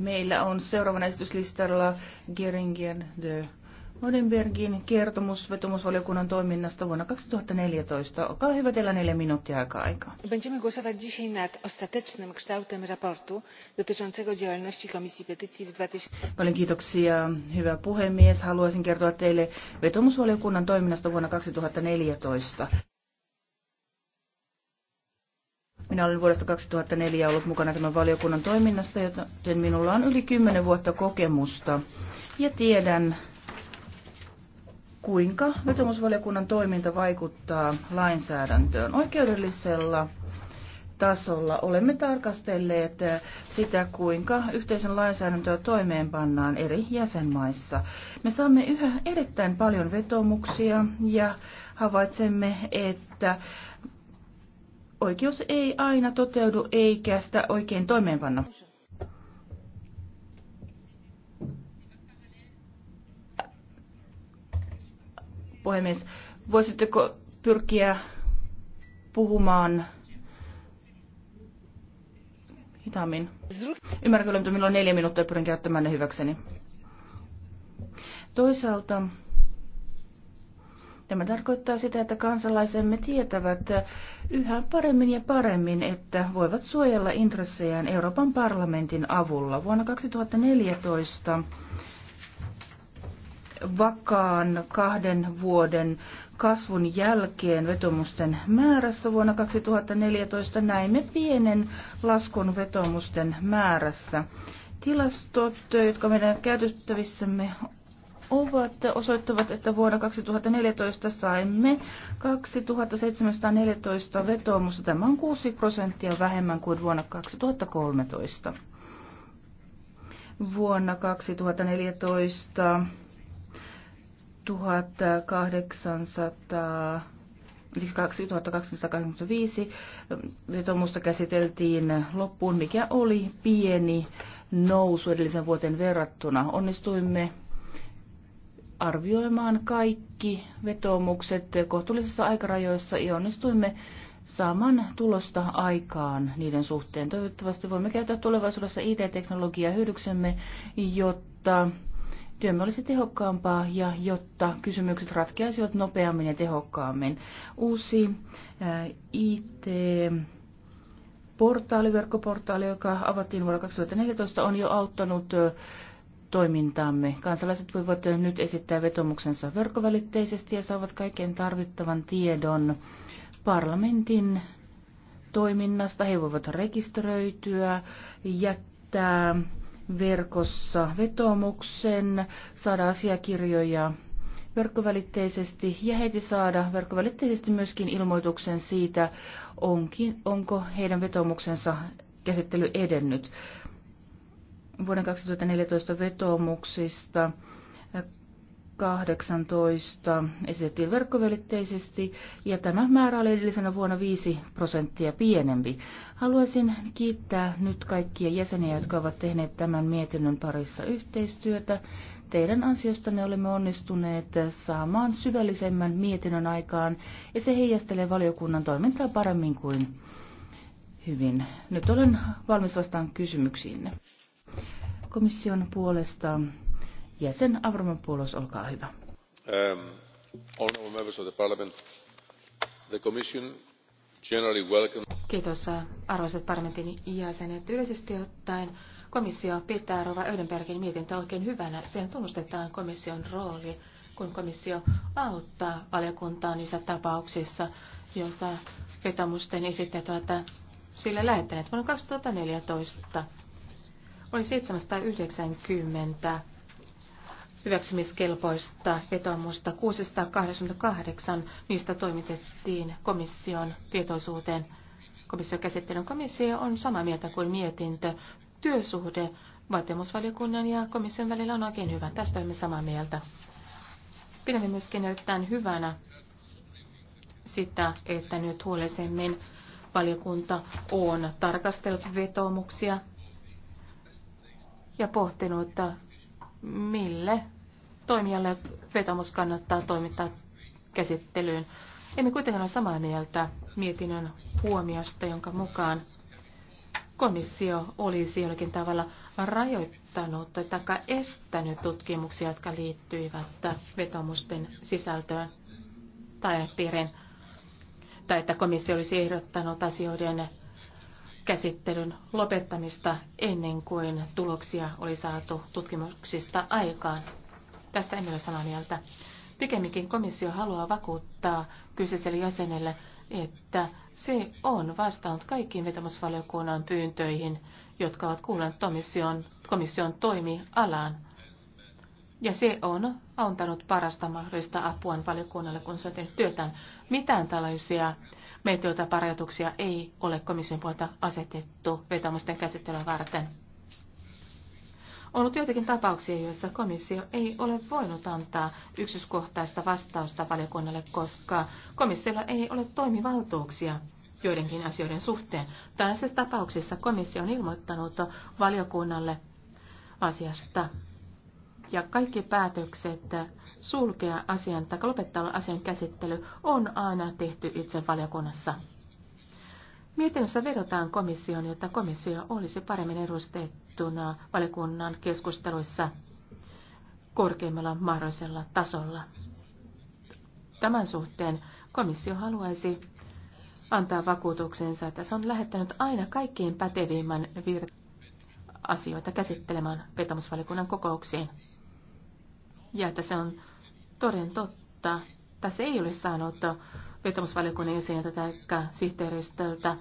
Meillä on seuraavana esityslistalla Geringen de Odenbergin kertomus vetomusvaliokunnan toiminnasta vuonna 2014. Olkaa hyvä, teillä neljä minuuttia aikaa aikaa. Będziemy głosować dzisiaj nad ostatecznym kształtem raportu dotyczącego działalności Komisji Petycji w 2000... Paljon kiitoksia, hyvä puhemies. Haluaisin kertoa teille vetomusvaliokunnan toiminnasta vuonna 2014. Minä olen vuodesta 2004 ollut mukana tämän valiokunnan toiminnasta, joten minulla on yli 10 vuotta kokemusta. Ja tiedän, kuinka vetomusvaliokunnan toiminta vaikuttaa lainsäädäntöön oikeudellisella tasolla. Olemme tarkastelleet sitä, kuinka yhteisen lainsäädäntöä toimeenpannaan eri jäsenmaissa. Me saamme yhä erittäin paljon vetomuksia ja havaitsemme, että oikeus ei aina toteudu eikä sitä oikein toimeenpanna. Puhemies, voisitteko pyrkiä puhumaan hitaammin? kyllä, mutta minulla on neljä minuuttia pyrin käyttämään ne hyväkseni. Toisaalta Tämä tarkoittaa sitä, että kansalaisemme tietävät yhä paremmin ja paremmin, että voivat suojella intressejään Euroopan parlamentin avulla. Vuonna 2014 vakaan kahden vuoden kasvun jälkeen vetomusten määrässä vuonna 2014 näimme pienen laskun vetomusten määrässä. Tilastot, jotka meidän käytettävissämme ovat osoittavat, että vuonna 2014 saimme 2714 vetoomusta. Tämä on 6 prosenttia vähemmän kuin vuonna 2013. Vuonna 2014 1800 2285 vetomusta käsiteltiin loppuun, mikä oli pieni nousu edellisen vuoteen verrattuna. Onnistuimme arvioimaan kaikki vetoomukset kohtuullisissa aikarajoissa ja onnistuimme saamaan tulosta aikaan niiden suhteen. Toivottavasti voimme käyttää tulevaisuudessa IT-teknologiaa hyödyksemme, jotta työmme olisi tehokkaampaa ja jotta kysymykset ratkeaisivat nopeammin ja tehokkaammin. Uusi IT portaali, verkkoportaali, joka avattiin vuonna 2014, on jo auttanut toimintaamme. Kansalaiset voivat nyt esittää vetomuksensa verkkovälitteisesti ja saavat kaiken tarvittavan tiedon parlamentin toiminnasta. He voivat rekisteröityä, jättää verkossa vetomuksen, saada asiakirjoja verkkovälitteisesti ja heti saada verkkovälitteisesti myöskin ilmoituksen siitä, onkin, onko heidän vetomuksensa käsittely edennyt vuoden 2014 vetoomuksista 18 esitettiin verkkovälitteisesti ja tämä määrä oli edellisenä vuonna 5 prosenttia pienempi. Haluaisin kiittää nyt kaikkia jäseniä, jotka ovat tehneet tämän mietinnön parissa yhteistyötä. Teidän ansiostanne olemme onnistuneet saamaan syvällisemmän mietinnön aikaan ja se heijastelee valiokunnan toimintaa paremmin kuin hyvin. Nyt olen valmis vastaan kysymyksiinne komission puolesta jäsen Avramopoulos, olkaa hyvä. Um, of the the welcome... Kiitos arvoisat parlamentin jäsenet. Yleisesti ottaen komissio pitää Rova Ödenbergin mietintä oikein hyvänä. Sen tunnustetaan komission rooli, kun komissio auttaa valiokuntaa niissä tapauksissa, joita vetomusten esittäjät ovat sille lähettäneet vuonna 2014 oli 790 hyväksymiskelpoista vetomusta. 688 niistä toimitettiin komission tietoisuuteen. Komission käsittelyn komissio on samaa mieltä kuin mietintö. Työsuhde vaatimusvaliokunnan ja komission välillä on oikein hyvä. Tästä olemme samaa mieltä. Pidämme myöskin erittäin hyvänä sitä, että nyt huolellisemmin valiokunta on tarkastellut vetomuksia ja pohtinut, että mille toimijalle vetomus kannattaa toimittaa käsittelyyn. Emme kuitenkaan ole samaa mieltä mietinnön huomiosta, jonka mukaan komissio olisi jollakin tavalla rajoittanut tai estänyt tutkimuksia, jotka liittyivät vetomusten sisältöön tai piirin, tai että komissio olisi ehdottanut asioiden käsittelyn lopettamista ennen kuin tuloksia oli saatu tutkimuksista aikaan. Tästä emme ole samaa mieltä. Pikemminkin komissio haluaa vakuuttaa kyseiselle jäsenelle, että se on vastannut kaikkiin vetämysvaliokunnan pyyntöihin, jotka ovat kuulleet komission, komission toimialaan. Ja se on antanut parasta mahdollista apua valiokunnalle, kun se on tehnyt työtään. Mitään tällaisia Tuota parjoituksia ei ole komission puolta asetettu vetomusten käsittelyä varten. On ollut joitakin tapauksia, joissa komissio ei ole voinut antaa yksityiskohtaista vastausta valiokunnalle, koska komissiolla ei ole toimivaltuuksia joidenkin asioiden suhteen. Tällaisessa tapauksessa komissio on ilmoittanut valiokunnalle asiasta ja kaikki päätökset sulkea asian tai lopettaa asian käsittely on aina tehty itse valiokunnassa. Mietinnössä vedotaan komissioon, jotta komissio olisi paremmin edustettuna valiokunnan keskusteluissa korkeimmalla mahdollisella tasolla. Tämän suhteen komissio haluaisi antaa vakuutuksensa, että se on lähettänyt aina kaikkein pätevimmän vir- asioita käsittelemään vetomusvalikunnan kokouksiin ja että se on toden totta. Tässä ei ole saanut vetomusvaliokunnan jäseniltä tai sihteeristöltä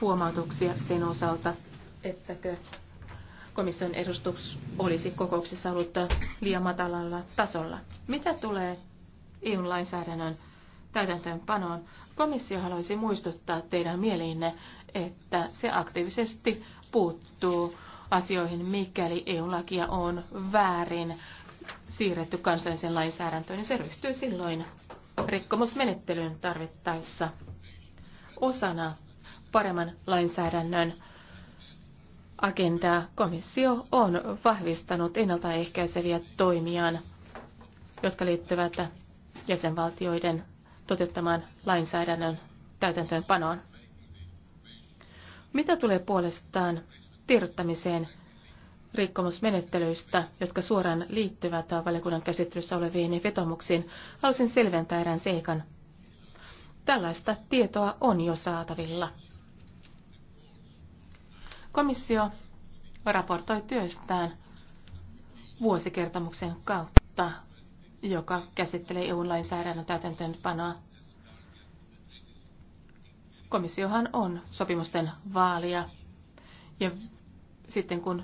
huomautuksia sen osalta, ettäkö komission edustus olisi kokouksessa ollut liian matalalla tasolla. Mitä tulee EU-lainsäädännön täytäntöönpanoon, komissio haluaisi muistuttaa teidän mieliinne, että se aktiivisesti puuttuu asioihin, mikäli EU-lakia on väärin siirretty kansalliseen lainsäädäntöön, niin se ryhtyy silloin rikkomusmenettelyyn tarvittaessa osana paremman lainsäädännön agendaa. Komissio on vahvistanut ennaltaehkäiseviä toimiaan, jotka liittyvät jäsenvaltioiden toteuttamaan lainsäädännön täytäntöönpanoon. Mitä tulee puolestaan tiedottamiseen rikkomusmenettelyistä, jotka suoraan liittyvät valiokunnan käsittelyssä oleviin vetomuksiin, halusin selventää erään seikan. Tällaista tietoa on jo saatavilla. Komissio raportoi työstään vuosikertomuksen kautta, joka käsittelee EU-lainsäädännön täytäntöönpanoa. Komissiohan on sopimusten vaalia ja sitten kun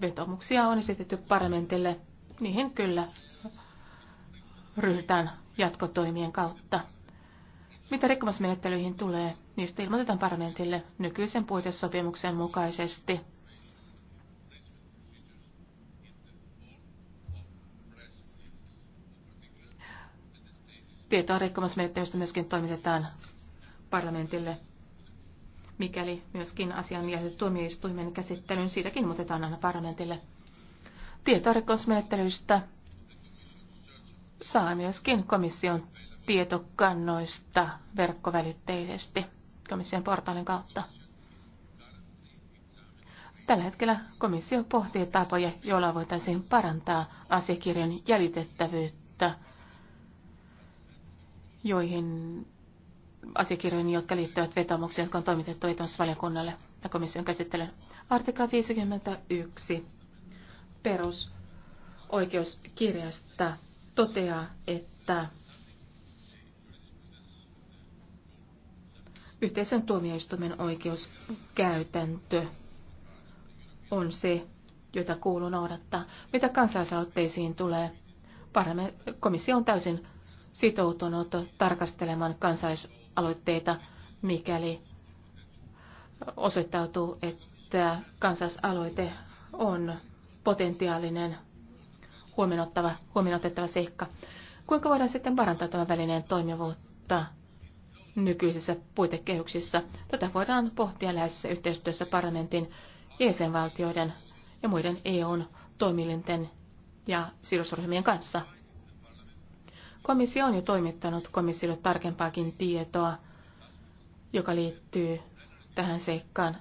vetomuksia on esitetty parlamentille. Niihin kyllä ryhdytään jatkotoimien kautta. Mitä rikkomusmenettelyihin tulee, niistä ilmoitetaan parlamentille nykyisen puitesopimuksen mukaisesti. Tietoa rikkomusmenettelystä myöskin toimitetaan parlamentille mikäli myöskin asia on tuomioistuimen käsittelyyn. Siitäkin ilmoitetaan aina parlamentille. Tietorikosmenettelystä saa myöskin komission tietokannoista verkkovälitteisesti komission portaalin kautta. Tällä hetkellä komissio pohtii tapoja, joilla voitaisiin parantaa asiakirjan jäljitettävyyttä, joihin asiakirjoihin, jotka liittyvät vetomuksiin, jotka on toimitettu vetomusvaliokunnalle ja komission käsittelyyn. Artikla 51 perusoikeuskirjasta toteaa, että yhteisön tuomioistuimen oikeuskäytäntö on se, jota kuuluu noudattaa. Mitä kansalaisaloitteisiin tulee, komissio on täysin sitoutunut tarkastelemaan kansallis- aloitteita, mikäli osoittautuu, että kansalaisaloite on potentiaalinen huomionottava, seikka. Kuinka voidaan sitten parantaa tämän välineen toimivuutta nykyisissä puitekehyksissä? Tätä voidaan pohtia läheisessä yhteistyössä parlamentin, jäsenvaltioiden ja muiden EUn toimielinten ja sidosryhmien kanssa. Komissio on jo toimittanut komissiolle tarkempaakin tietoa, joka liittyy tähän seikkaan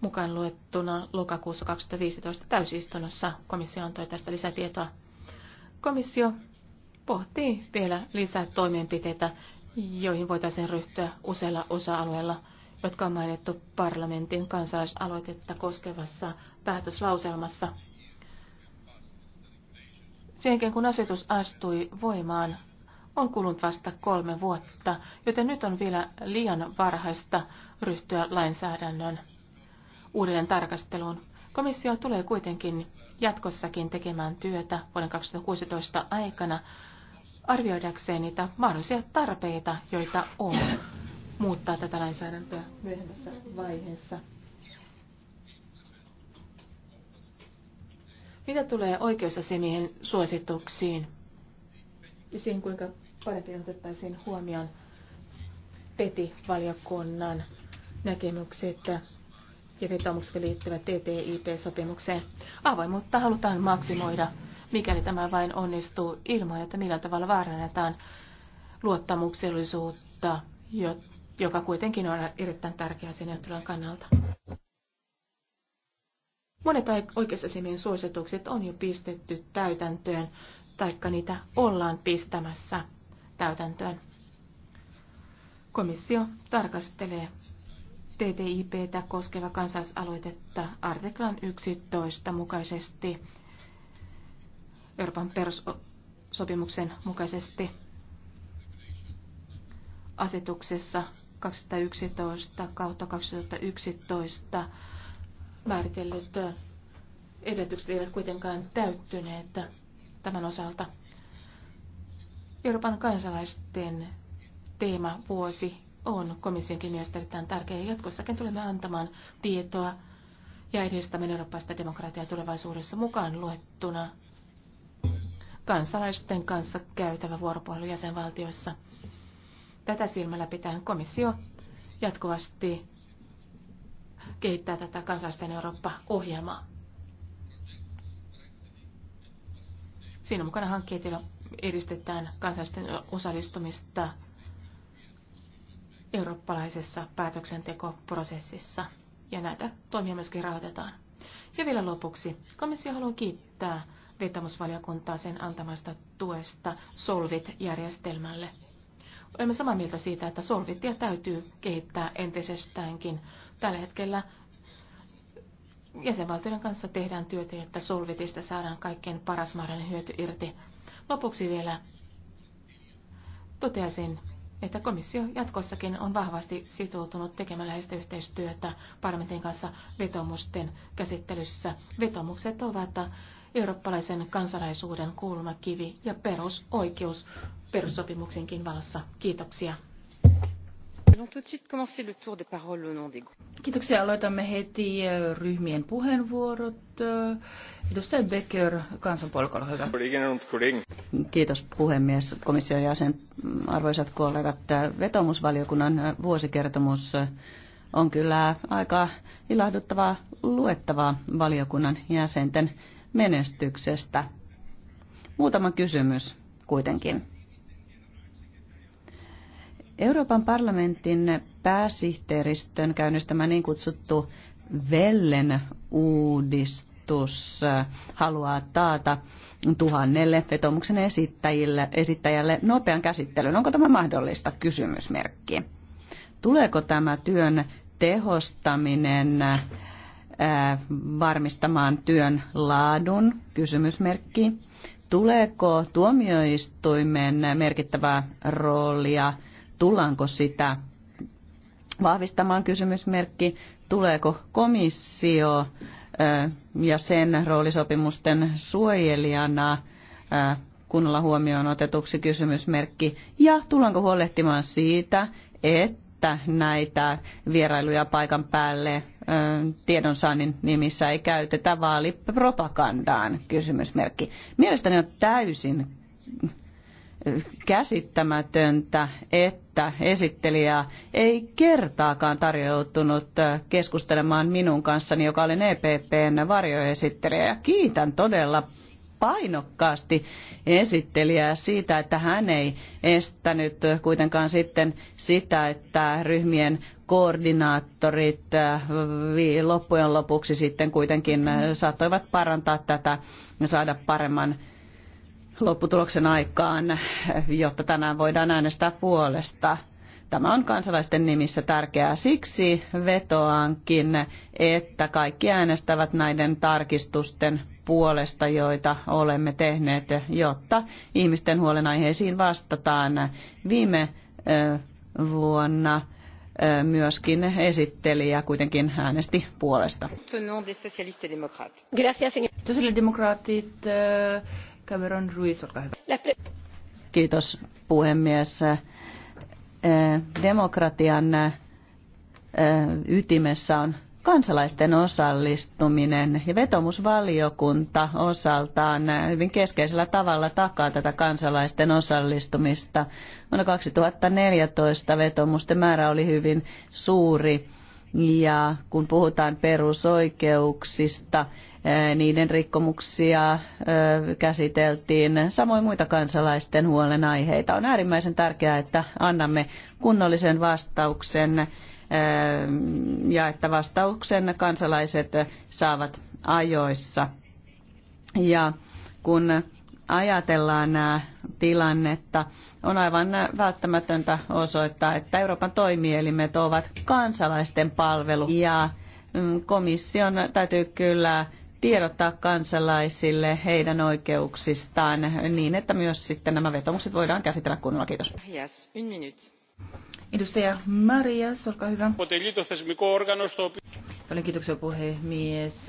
mukaan luettuna lokakuussa 2015 täysistunnossa komissio antoi tästä lisätietoa. Komissio pohtii vielä lisää toimenpiteitä, joihin voitaisiin ryhtyä useilla osa-alueilla, jotka on mainittu parlamentin kansalaisaloitetta koskevassa päätöslauselmassa. Sen jälkeen kun asetus astui voimaan, on kulunut vasta kolme vuotta, joten nyt on vielä liian varhaista ryhtyä lainsäädännön uudelleen tarkasteluun. Komissio tulee kuitenkin jatkossakin tekemään työtä vuoden 2016 aikana arvioidakseen niitä mahdollisia tarpeita, joita on muuttaa tätä lainsäädäntöä myöhemmässä vaiheessa. Mitä tulee oikeusasemien suosituksiin ja siihen, kuinka paremmin otettaisiin huomioon PETI-valiokunnan näkemykset ja vetomukset liittyvät TTIP-sopimukseen. Avoimuutta halutaan maksimoida, mikäli tämä vain onnistuu ilman, että millä tavalla vaarannetaan luottamuksellisuutta, joka kuitenkin on erittäin tärkeä sen kannalta. Monet oikeusasiamien suositukset on jo pistetty täytäntöön, taikka niitä ollaan pistämässä täytäntöön. Komissio tarkastelee TTIPtä koskeva kansalaisaloitetta artiklan 11 mukaisesti Euroopan perussopimuksen mukaisesti asetuksessa 211 kautta 2011 määritellyt edellytykset eivät kuitenkaan täyttyneet tämän osalta. Euroopan kansalaisten teema vuosi on komissionkin mielestä erittäin tärkeä. Jatkossakin tulemme antamaan tietoa ja edistämään eurooppaista demokratiaa tulevaisuudessa mukaan luettuna kansalaisten kanssa käytävä vuoropuhelu jäsenvaltioissa. Tätä silmällä pitää komissio jatkuvasti kehittää tätä kansallisten Eurooppa-ohjelmaa. Siinä mukana hankkeet, joilla edistetään kansallisten osallistumista eurooppalaisessa päätöksentekoprosessissa. Ja näitä toimia myöskin rahoitetaan. Ja vielä lopuksi, komissio haluaa kiittää vetomusvaliokuntaa sen antamasta tuesta Solvit-järjestelmälle. Olemme samaa mieltä siitä, että solvittia täytyy kehittää entisestäänkin Tällä hetkellä jäsenvaltioiden kanssa tehdään työtä, että solvitista saadaan kaikkein paras mahdollinen hyöty irti. Lopuksi vielä toteaisin, että komissio jatkossakin on vahvasti sitoutunut tekemään läheistä yhteistyötä parlamentin kanssa vetomusten käsittelyssä. Vetomukset ovat eurooppalaisen kansalaisuuden kulmakivi ja perusoikeus perussopimuksenkin valossa. Kiitoksia. Kiitoksia. Aloitamme heti eh, ryhmien puheenvuorot. Eh, edustaja Becker, kansanpuolikolla hyvä. Kiitos puhemies, komission jäsen, arvoisat kollegat. Vetomusvaliokunnan eh, vuosikertomus on kyllä aika ilahduttavaa luettavaa valiokunnan jäsenten menestyksestä. Muutama kysymys kuitenkin Euroopan parlamentin pääsihteeristön käynnistämä niin kutsuttu Vellen uudistus haluaa taata tuhannelle vetomuksen esittäjille, esittäjälle nopean käsittelyn. Onko tämä mahdollista? Kysymysmerkki. Tuleeko tämä työn tehostaminen ää, äh, varmistamaan työn laadun? Kysymysmerkki. Tuleeko tuomioistuimen merkittävää roolia Tullaanko sitä vahvistamaan kysymysmerkki? Tuleeko komissio ja sen roolisopimusten suojelijana kunnolla huomioon otetuksi kysymysmerkki? Ja tullaanko huolehtimaan siitä, että näitä vierailuja paikan päälle tiedonsaannin nimissä ei käytetä vaalipropagandaan kysymysmerkki? Mielestäni on täysin käsittämätöntä, että esittelijä ei kertaakaan tarjoutunut keskustelemaan minun kanssani, joka olen EPPn varjoesittelijä. Ja kiitän todella painokkaasti esittelijää siitä, että hän ei estänyt kuitenkaan sitten sitä, että ryhmien koordinaattorit äh, loppujen lopuksi sitten kuitenkin äh, saattoivat parantaa tätä ja saada paremman lopputuloksen aikaan, jotta tänään voidaan äänestää puolesta. Tämä on kansalaisten nimissä tärkeää. Siksi vetoankin, että kaikki äänestävät näiden tarkistusten puolesta, joita olemme tehneet, jotta ihmisten huolenaiheisiin vastataan. Viime vuonna myöskin esitteli ja kuitenkin äänesti puolesta. Sosiaalidemokraatit Cameron Ruiz, olkaa hyvä. Kiitos puhemies. Demokratian ytimessä on kansalaisten osallistuminen ja vetomusvaliokunta osaltaan hyvin keskeisellä tavalla takaa tätä kansalaisten osallistumista. Vuonna 2014 vetomusten määrä oli hyvin suuri ja kun puhutaan perusoikeuksista, niiden rikkomuksia käsiteltiin, samoin muita kansalaisten huolenaiheita. On äärimmäisen tärkeää, että annamme kunnollisen vastauksen ja että vastauksen kansalaiset saavat ajoissa. Ja kun ajatellaan nämä tilannetta, on aivan välttämätöntä osoittaa, että Euroopan toimielimet ovat kansalaisten palvelu ja mm, komission täytyy kyllä tiedottaa kansalaisille heidän oikeuksistaan niin, että myös sitten nämä vetomukset voidaan käsitellä kunnolla. Kiitos. Yes, Edustaja Marias, olkaa hyvä. Paljon kiitoksia puhemies.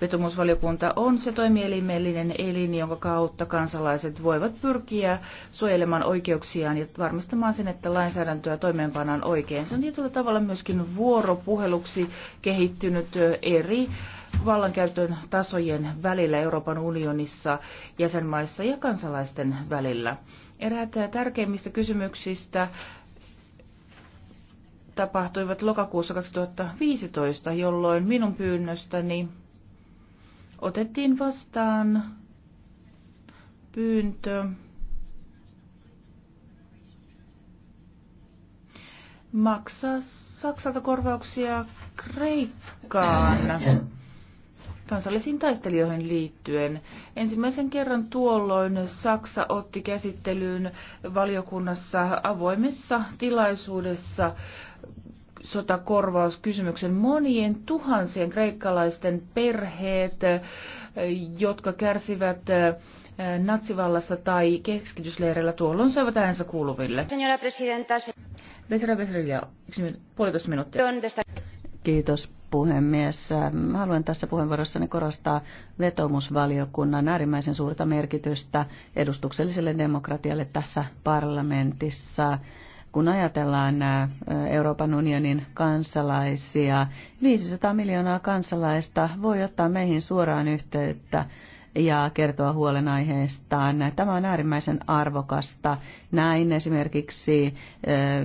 Vetomusvaliokunta on se toimielimellinen elin, jonka kautta kansalaiset voivat pyrkiä suojelemaan oikeuksiaan ja varmistamaan sen, että lainsäädäntöä toimeenpanaan oikein. Se on tietyllä tavalla myöskin vuoropuheluksi kehittynyt eri äh, vallankäytön tasojen välillä Euroopan unionissa, jäsenmaissa ja kansalaisten välillä. Eräät tärkeimmistä kysymyksistä tapahtuivat lokakuussa 2015, jolloin minun pyynnöstäni otettiin vastaan pyyntö maksaa Saksalta korvauksia Kreikkaan kansallisiin taistelijoihin liittyen. Ensimmäisen kerran tuolloin Saksa otti käsittelyyn valiokunnassa avoimessa tilaisuudessa sotakorvauskysymyksen monien tuhansien kreikkalaisten perheet, jotka kärsivät eh, natsivallassa tai keskitysleireillä tuolloin saivat äänsä kuuluville. Senora presidenta. Petra Petrilla, yksi puolitoista minuuttia. Kiitos puhemies. Haluan tässä puheenvuorossani korostaa vetomusvaliokunnan äärimmäisen suurta merkitystä edustukselliselle demokratialle tässä parlamentissa. Kun ajatellaan Euroopan unionin kansalaisia, 500 miljoonaa kansalaista voi ottaa meihin suoraan yhteyttä ja kertoa huolenaiheestaan. Tämä on äärimmäisen arvokasta. Näin esimerkiksi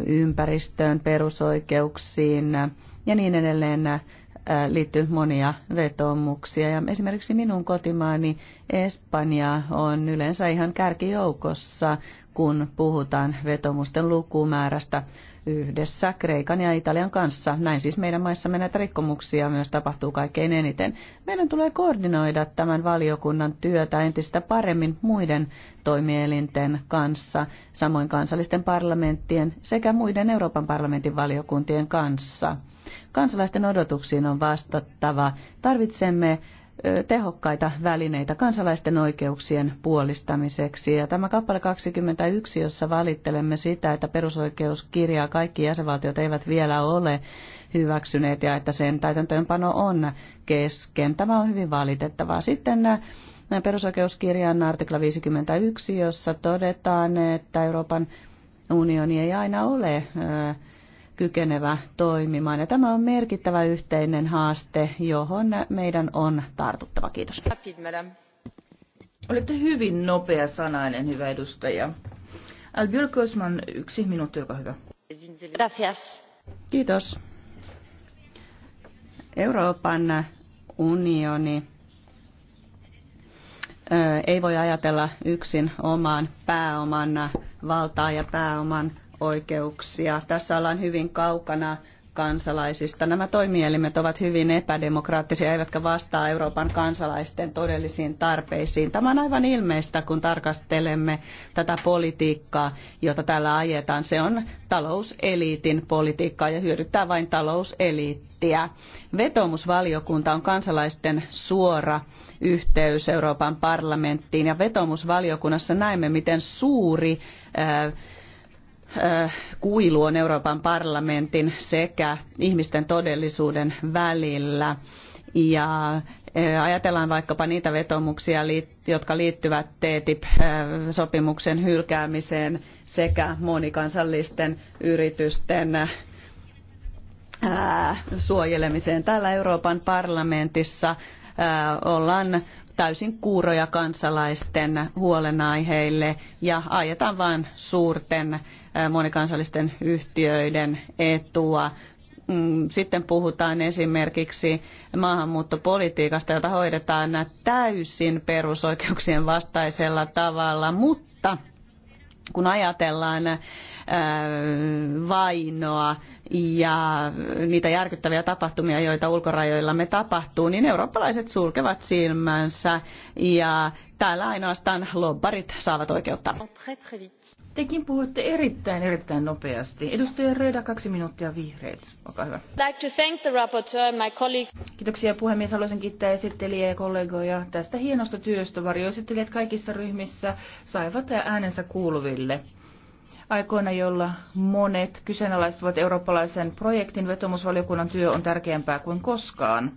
ympäristöön, perusoikeuksiin ja niin edelleen liittyy monia vetomuksia. Ja esimerkiksi minun kotimaani Espanja on yleensä ihan kärkijoukossa kun puhutaan vetomusten lukumäärästä yhdessä Kreikan ja Italian kanssa. Näin siis meidän maissamme näitä rikkomuksia myös tapahtuu kaikkein eniten. Meidän tulee koordinoida tämän valiokunnan työtä entistä paremmin muiden toimielinten kanssa, samoin kansallisten parlamenttien sekä muiden Euroopan parlamentin valiokuntien kanssa. Kansalaisten odotuksiin on vastattava. Tarvitsemme tehokkaita välineitä kansalaisten oikeuksien puolistamiseksi. Ja tämä kappale 21, jossa valittelemme sitä, että perusoikeuskirjaa kaikki jäsenvaltiot eivät vielä ole hyväksyneet ja että sen täytäntöönpano on kesken. Tämä on hyvin valitettavaa. Sitten äh, perusoikeuskirjan artikla 51, jossa todetaan, että Euroopan unioni ei aina ole äh, kykenevä toimimaan. Ja tämä on merkittävä yhteinen haaste, johon meidän on tartuttava. Kiitos. Olette hyvin nopea sanainen, hyvä edustaja. Albiol Kosman, yksi minuutti, olkaa hyvä. Gracias. Kiitos. Euroopan unioni ei voi ajatella yksin oman pääoman valtaa ja pääoman oikeuksia. Tässä ollaan hyvin kaukana kansalaisista. Nämä toimielimet ovat hyvin epädemokraattisia eivätkä vastaa Euroopan kansalaisten todellisiin tarpeisiin. Tämä on aivan ilmeistä, kun tarkastelemme tätä politiikkaa, jota täällä ajetaan. Se on talouseliitin politiikkaa ja hyödyttää vain talouseliittiä. Vetomusvaliokunta on kansalaisten suora yhteys Euroopan parlamenttiin ja vetomusvaliokunnassa näemme, miten suuri äh, kuilu on Euroopan parlamentin sekä ihmisten todellisuuden välillä. Ja ajatellaan vaikkapa niitä vetomuksia, jotka liittyvät TTIP-sopimuksen hylkäämiseen sekä monikansallisten yritysten suojelemiseen. Täällä Euroopan parlamentissa ollaan täysin kuuroja kansalaisten huolenaiheille ja ajetaan vain suurten monikansallisten yhtiöiden etua. Mm, sitten puhutaan esimerkiksi maahanmuuttopolitiikasta, jota hoidetaan täysin perusoikeuksien vastaisella tavalla, mutta kun ajatellaan vainoa ja niitä järkyttäviä tapahtumia, joita me tapahtuu, niin eurooppalaiset sulkevat silmänsä ja täällä ainoastaan lobbarit saavat oikeutta. Tekin puhutte erittäin, erittäin nopeasti. Edustaja Reda, kaksi minuuttia vihreät. Olkaa hyvä. Like to thank the rapporteur, my colleagues. Kiitoksia puhemies. Haluaisin kiittää esittelijä ja kollegoja tästä hienosta työstä. Varjoesittelijät kaikissa ryhmissä saivat äänensä kuuluville aikoina, jolla monet kyseenalaistavat eurooppalaisen projektin, vetomusvaliokunnan työ on tärkeämpää kuin koskaan.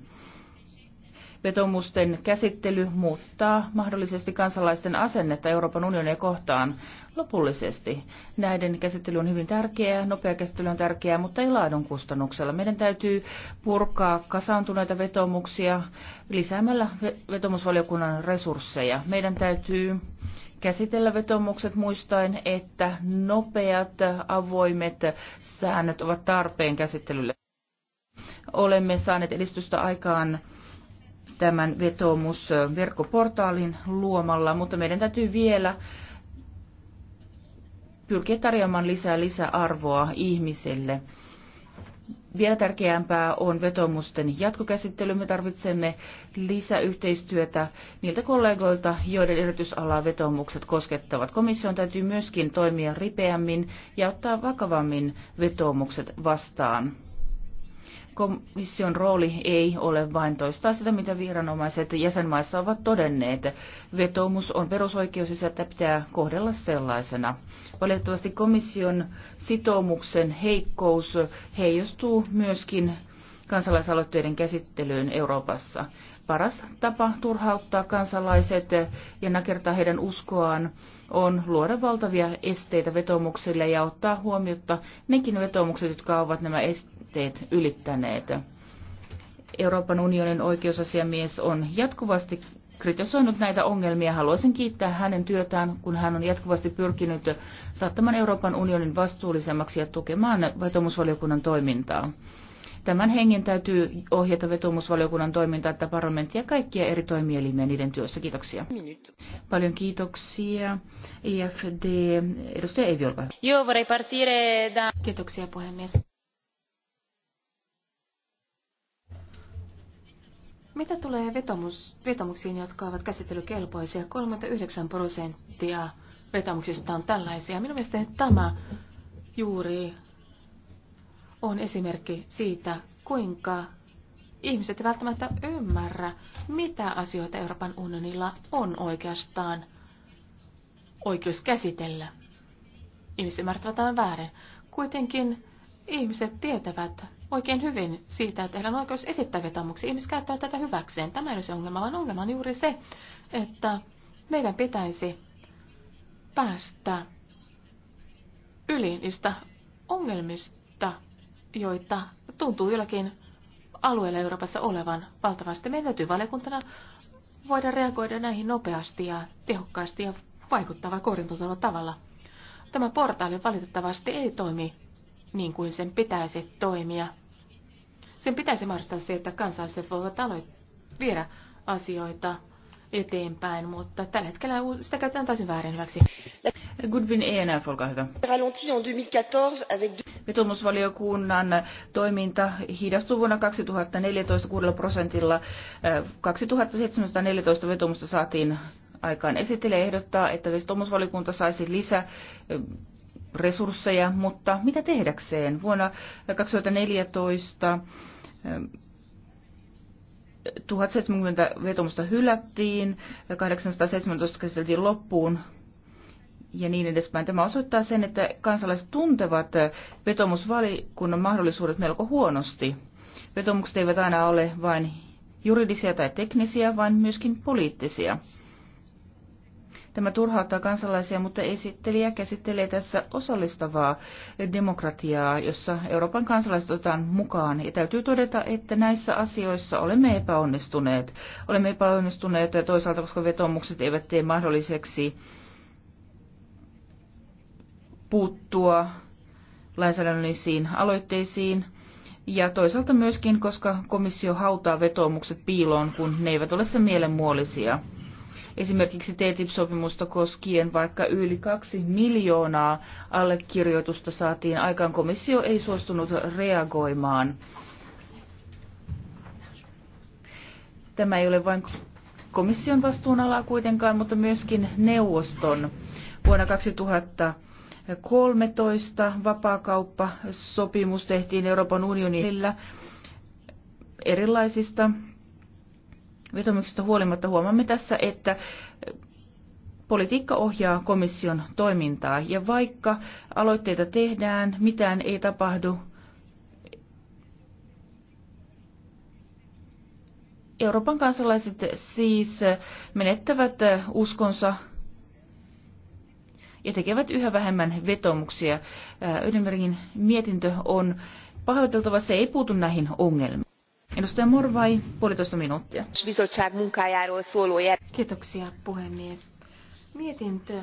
Vetomusten käsittely muuttaa mahdollisesti kansalaisten asennetta Euroopan unionia kohtaan lopullisesti. Näiden käsittely on hyvin tärkeää, nopea käsittely on tärkeää, mutta ei laadun kustannuksella. Meidän täytyy purkaa kasaantuneita vetomuksia lisäämällä vetomusvaliokunnan resursseja. Meidän täytyy käsitellä vetomukset muistaen, että nopeat avoimet säännöt ovat tarpeen käsittelylle. Olemme saaneet edistystä aikaan tämän vetomusverkkoportaalin luomalla, mutta meidän täytyy vielä pyrkiä tarjoamaan lisää lisäarvoa ihmisille. Vielä tärkeämpää on vetomusten jatkokäsittely. Me tarvitsemme lisäyhteistyötä niiltä kollegoilta, joiden erityisalaa vetomukset koskettavat. Komission täytyy myöskin toimia ripeämmin ja ottaa vakavammin vetomukset vastaan. Komission rooli ei ole vain toistaa sitä, mitä viranomaiset jäsenmaissa ovat todenneet. Vetoomus on perusoikeus ja sitä pitää kohdella sellaisena. Valitettavasti komission sitoumuksen heikkous heijastuu myöskin kansalaisaloitteiden käsittelyyn Euroopassa paras tapa turhauttaa kansalaiset ja nakertaa heidän uskoaan on luoda valtavia esteitä vetomuksille ja ottaa huomiota nekin vetomukset, jotka ovat nämä esteet ylittäneet. Euroopan unionin oikeusasiamies on jatkuvasti kritisoinut näitä ongelmia. Haluaisin kiittää hänen työtään, kun hän on jatkuvasti pyrkinyt saattamaan Euroopan unionin vastuullisemmaksi ja tukemaan vetomusvaliokunnan toimintaa. Tämän hengen täytyy ohjata vetomusvaliokunnan toimintaa, että parlamenttia ja kaikkia eri toimielimiä niiden työssä. Kiitoksia. Minuut. Paljon kiitoksia. IFD, edustaja Eivi, olkaa hyvä. Kiitoksia puhemies. Mitä tulee vetomus, vetomuksiin, jotka ovat käsittelykelpoisia, 39 prosenttia vetomuksista on tällaisia. Minun mielestäni tämä juuri on esimerkki siitä, kuinka ihmiset eivät välttämättä ymmärrä, mitä asioita Euroopan unionilla on oikeastaan oikeus käsitellä. Ihmiset ymmärtävät tämän väärin. Kuitenkin ihmiset tietävät oikein hyvin siitä, että heillä on oikeus esittää vetomuksia. Ihmiset käyttävät tätä hyväkseen. Tämä ei ole se ongelma, vaan ongelma on juuri se, että meidän pitäisi päästä yli niistä ongelmista joita tuntuu jollakin alueella Euroopassa olevan valtavasti. Meidän täytyy valiokuntana voida reagoida näihin nopeasti ja tehokkaasti ja vaikuttava kohdentuvalla tavalla. Tämä portaali valitettavasti ei toimi niin kuin sen pitäisi toimia. Sen pitäisi mahdollistaa se, että kansalaiset voivat aloittaa viedä asioita eteenpäin, mutta tällä hetkellä sitä käytetään täysin väärin hyväksi. Goodwin ENF, olkaa hyvä. Vetomusvaliokunnan äh, toiminta hidastui vuonna 2014 6 prosentilla. 2714 äh, vetomusta saatiin aikaan. Esittelee ehdottaa, että vetomusvaliokunta saisi lisää äh, resursseja, mutta mitä tehdäkseen? Vuonna 2014 1070 vetomusta hylättiin, 817 käsiteltiin loppuun ja niin edespäin. Tämä osoittaa sen, että kansalaiset tuntevat vetomusvalikunnan mahdollisuudet melko huonosti. Vetomukset eivät aina ole vain juridisia tai teknisiä, vaan myöskin poliittisia. Tämä turhauttaa kansalaisia, mutta esittelijä käsittelee tässä osallistavaa demokratiaa, jossa Euroopan kansalaiset otetaan mukaan. Ja täytyy todeta, että näissä asioissa olemme epäonnistuneet. Olemme epäonnistuneet toisaalta, koska vetomukset eivät tee mahdolliseksi puuttua lainsäädännöllisiin aloitteisiin. Ja toisaalta myöskin, koska komissio hautaa vetoomukset piiloon, kun ne eivät ole sen mielenmuolisia esimerkiksi TTIP-sopimusta koskien, vaikka yli kaksi miljoonaa allekirjoitusta saatiin aikaan. Komissio ei suostunut reagoimaan. Tämä ei ole vain komission vastuunalaa kuitenkaan, mutta myöskin neuvoston. Vuonna 2013 vapaakauppasopimus tehtiin Euroopan unionilla erilaisista vetomuksesta huolimatta huomaamme tässä, että Politiikka ohjaa komission toimintaa ja vaikka aloitteita tehdään, mitään ei tapahdu. Euroopan kansalaiset siis menettävät uskonsa ja tekevät yhä vähemmän vetomuksia. Ydenbergin mietintö on pahoiteltava, se ei puutu näihin ongelmiin. Edustaja Morvai, puolitoista minuuttia. Kiitoksia puhemies. Mietintö,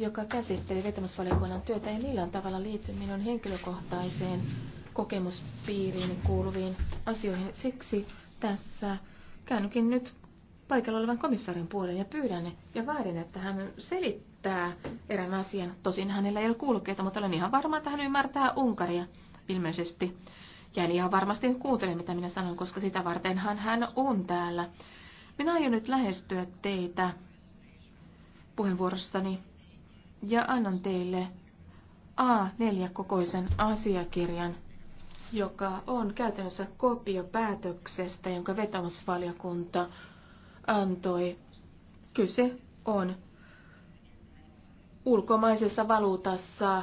joka käsittelee vetämisvaliokunnan työtä, ei millään tavalla liity minun henkilökohtaiseen kokemuspiiriin kuuluviin asioihin. Siksi tässä käännykin nyt paikalla olevan komissaarin puoleen ja pyydän ja vaadin, että hän selittää erään asian. Tosin hänellä ei ole kuulokkeita, mutta olen ihan varma, että hän ymmärtää Unkaria ilmeisesti. Ja hän ihan varmasti kuuntelee, mitä minä sanon, koska sitä vartenhan hän on täällä. Minä aion nyt lähestyä teitä puheenvuorossani ja annan teille A4-kokoisen asiakirjan, joka on käytännössä kopio päätöksestä, jonka vetomusvaliokunta antoi. Kyse on ulkomaisessa valuutassa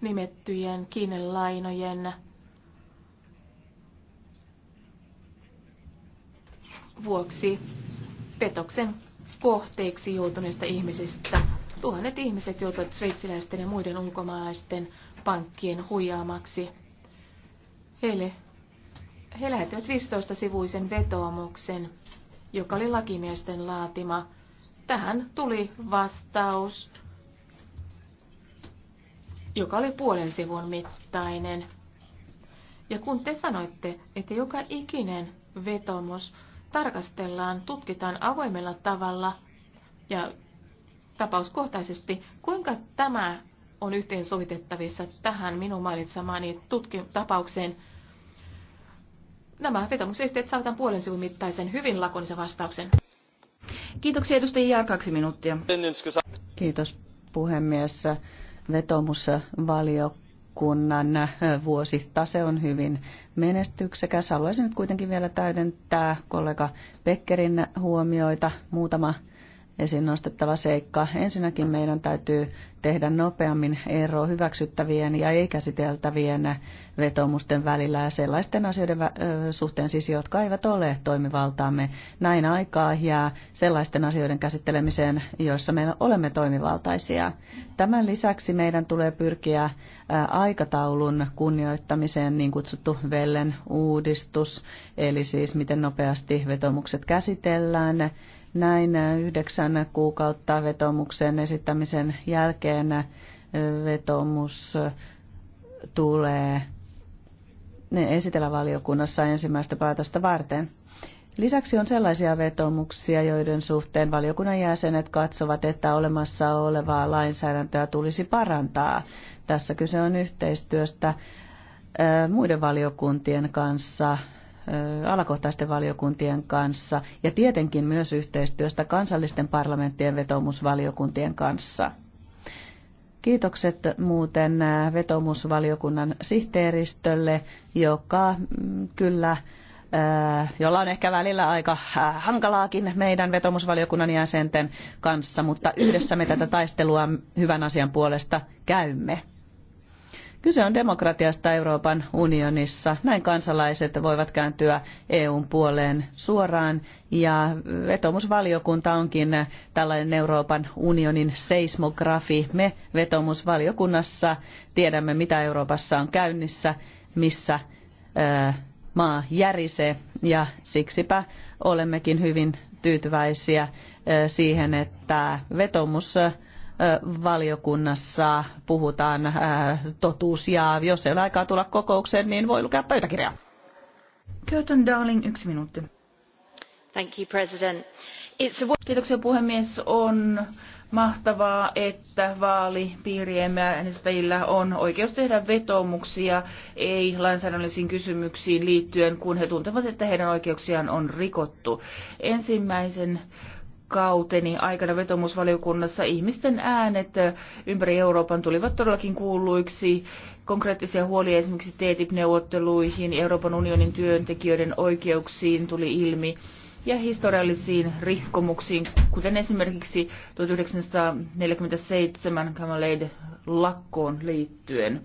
nimettyjen kiinelainojen vuoksi petoksen kohteeksi joutuneista ihmisistä. Tuhannet ihmiset joutuvat sveitsiläisten ja muiden ulkomaalaisten pankkien huijaamaksi. Heille, he lähettivät 15-sivuisen vetoomuksen, joka oli lakimiesten laatima. Tähän tuli vastaus, joka oli puolen sivun mittainen. Ja kun te sanoitte, että joka ikinen vetomus tarkastellaan, tutkitaan avoimella tavalla ja tapauskohtaisesti, kuinka tämä on yhteensovitettavissa tähän minun mainitsemaani tutkimustapaukseen. Nämä vetomuksesteet saatan puolen sivun mittaisen hyvin lakonisen vastauksen. Kiitoksia edustajia kaksi minuuttia. Kiitos puhemies. Vetomusvaliokunta vuosi tase on hyvin menestyksekäs. Haluaisin nyt kuitenkin vielä täydentää kollega Pekkerin huomioita. Muutama esiin nostettava seikka. Ensinnäkin meidän täytyy tehdä nopeammin ero hyväksyttävien ja ei-käsiteltävien vetomusten välillä ja sellaisten asioiden suhteen siis, jotka eivät ole toimivaltaamme. Näin aikaa jää sellaisten asioiden käsittelemiseen, joissa me olemme toimivaltaisia. Tämän lisäksi meidän tulee pyrkiä aikataulun kunnioittamiseen niin kutsuttu Vellen uudistus, eli siis miten nopeasti vetomukset käsitellään näin äh, yhdeksän kuukautta vetomuksen esittämisen jälkeen äh, vetomus äh, tulee esitellä valiokunnassa ensimmäistä päätöstä varten. Lisäksi on sellaisia vetomuksia, joiden suhteen valiokunnan jäsenet katsovat, että olemassa olevaa lainsäädäntöä tulisi parantaa. Tässä kyse on yhteistyöstä muiden valiokuntien kanssa alakohtaisten valiokuntien kanssa ja tietenkin myös yhteistyöstä kansallisten parlamenttien vetomusvaliokuntien kanssa. Kiitokset muuten vetomusvaliokunnan sihteeristölle, joka mm, kyllä jolla on ehkä välillä aika hankalaakin meidän vetomusvaliokunnan jäsenten kanssa, mutta yhdessä me tätä taistelua hyvän asian puolesta käymme. Kyse on demokratiasta Euroopan unionissa. Näin kansalaiset voivat kääntyä EUn puoleen suoraan ja vetomusvaliokunta onkin tällainen Euroopan unionin seismografi. Me vetomusvaliokunnassa tiedämme, mitä Euroopassa on käynnissä, missä maa järisee ja siksipä olemmekin hyvin tyytyväisiä siihen, että vetomus valiokunnassa puhutaan totuus ja jos ei ole aikaa tulla kokoukseen, niin voi lukea pöytäkirjaa. Curtin Darling, yksi minuutti. Thank you, President. It's... Kiitoksia puhemies. On mahtavaa, että vaalipiiriemme äänestäjillä on oikeus tehdä vetoomuksia ei lainsäädännöllisiin kysymyksiin liittyen, kun he tuntevat, että heidän oikeuksiaan on rikottu. Ensimmäisen kauteni aikana vetomusvaliokunnassa ihmisten äänet ympäri Euroopan tulivat todellakin kuulluiksi. Konkreettisia huolia esimerkiksi TTIP-neuvotteluihin, Euroopan unionin työntekijöiden oikeuksiin tuli ilmi ja historiallisiin rikkomuksiin, kuten esimerkiksi 1947 Kamaleid lakkoon liittyen.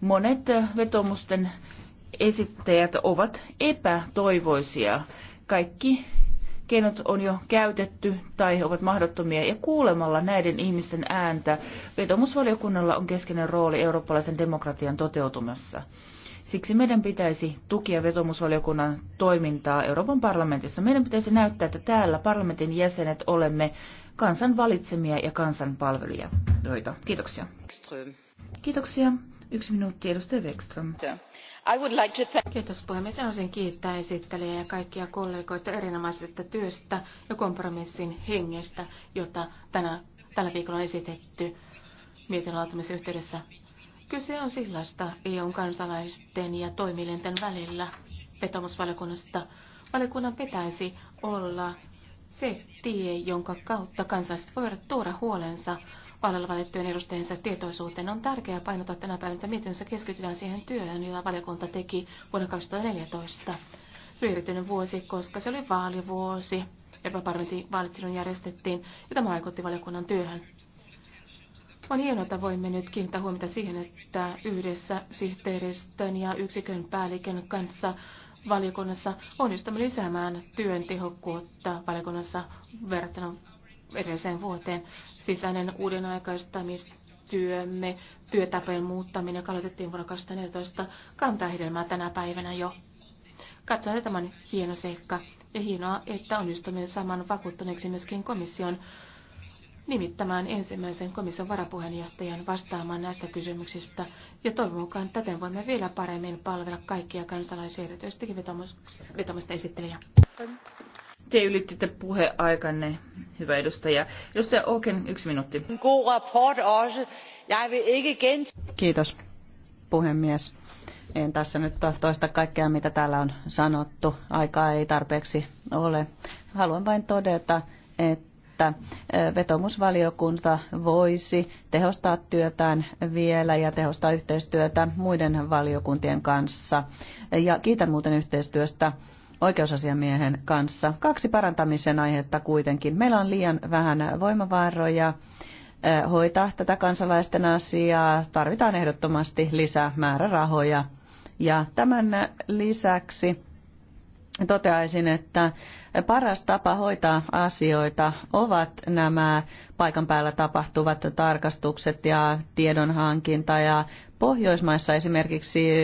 Monet vetomusten esittäjät ovat epätoivoisia. Kaikki keinot on jo käytetty tai he ovat mahdottomia ja kuulemalla näiden ihmisten ääntä vetomusvaliokunnalla on keskeinen rooli eurooppalaisen demokratian toteutumassa. Siksi meidän pitäisi tukea vetomusvaliokunnan toimintaa Euroopan parlamentissa. Meidän pitäisi näyttää, että täällä parlamentin jäsenet olemme kansan valitsemia ja kansan palvelijoita. Kiitoksia. Kiitoksia arvoisa Kiitos puhemies. Haluaisin kiittää esittelijää ja kaikkia kollegoita erinomaisesta työstä ja kompromissin hengestä, jota tänä, tällä viikolla on esitetty mietinnön laatimisen yhteydessä. Kyse on sillasta EUn kansalaisten ja toimielinten välillä vetomusvaliokunnasta. Valiokunnan pitäisi olla se tie, jonka kautta kansalaiset voivat tuoda huolensa palvella valittujen edustajiensa tietoisuuteen. On tärkeää painottaa tänä päivänä, että mietinnössä keskitytään siihen työhön, jota valiokunta teki vuonna 2014. Se oli erityinen vuosi, koska se oli vaalivuosi. Euroopan parlamentin vaalit silloin järjestettiin ja tämä vaikutti valiokunnan työhön. On hienoa, että voimme nyt kiinnittää huomiota siihen, että yhdessä sihteeristön ja yksikön päällikön kanssa valiokunnassa onnistumme lisäämään työn tehokkuutta valiokunnassa verrattuna edelliseen vuoteen sisäinen uuden aikaistamistyömme, työtapojen muuttaminen, joka aloitettiin vuonna 2014, kantaa hedelmää tänä päivänä jo. Katsoin, että tämä on hieno seikka ja hienoa, että onnistumme saman vakuuttuneeksi myöskin komission nimittämään ensimmäisen komission varapuheenjohtajan vastaamaan näistä kysymyksistä, ja toivon mukaan täten voimme vielä paremmin palvella kaikkia kansalaisia, erityisesti vetomusta esittelijä. Te ylittitte puheaikanne, hyvä edustaja. Edustaja Oken, yksi minuutti. Kiitos, puhemies. En tässä nyt toista kaikkea, mitä täällä on sanottu. Aikaa ei tarpeeksi ole. Haluan vain todeta, että vetomusvaliokunta voisi tehostaa työtään vielä ja tehostaa yhteistyötä muiden valiokuntien kanssa. Ja kiitän muuten yhteistyöstä oikeusasiamiehen kanssa. Kaksi parantamisen aihetta kuitenkin. Meillä on liian vähän voimavaroja eh, hoitaa tätä kansalaisten asiaa. Tarvitaan ehdottomasti lisää määrärahoja. Ja tämän lisäksi toteaisin, että paras tapa hoitaa asioita ovat nämä paikan päällä tapahtuvat tarkastukset ja tiedonhankinta ja Pohjoismaissa esimerkiksi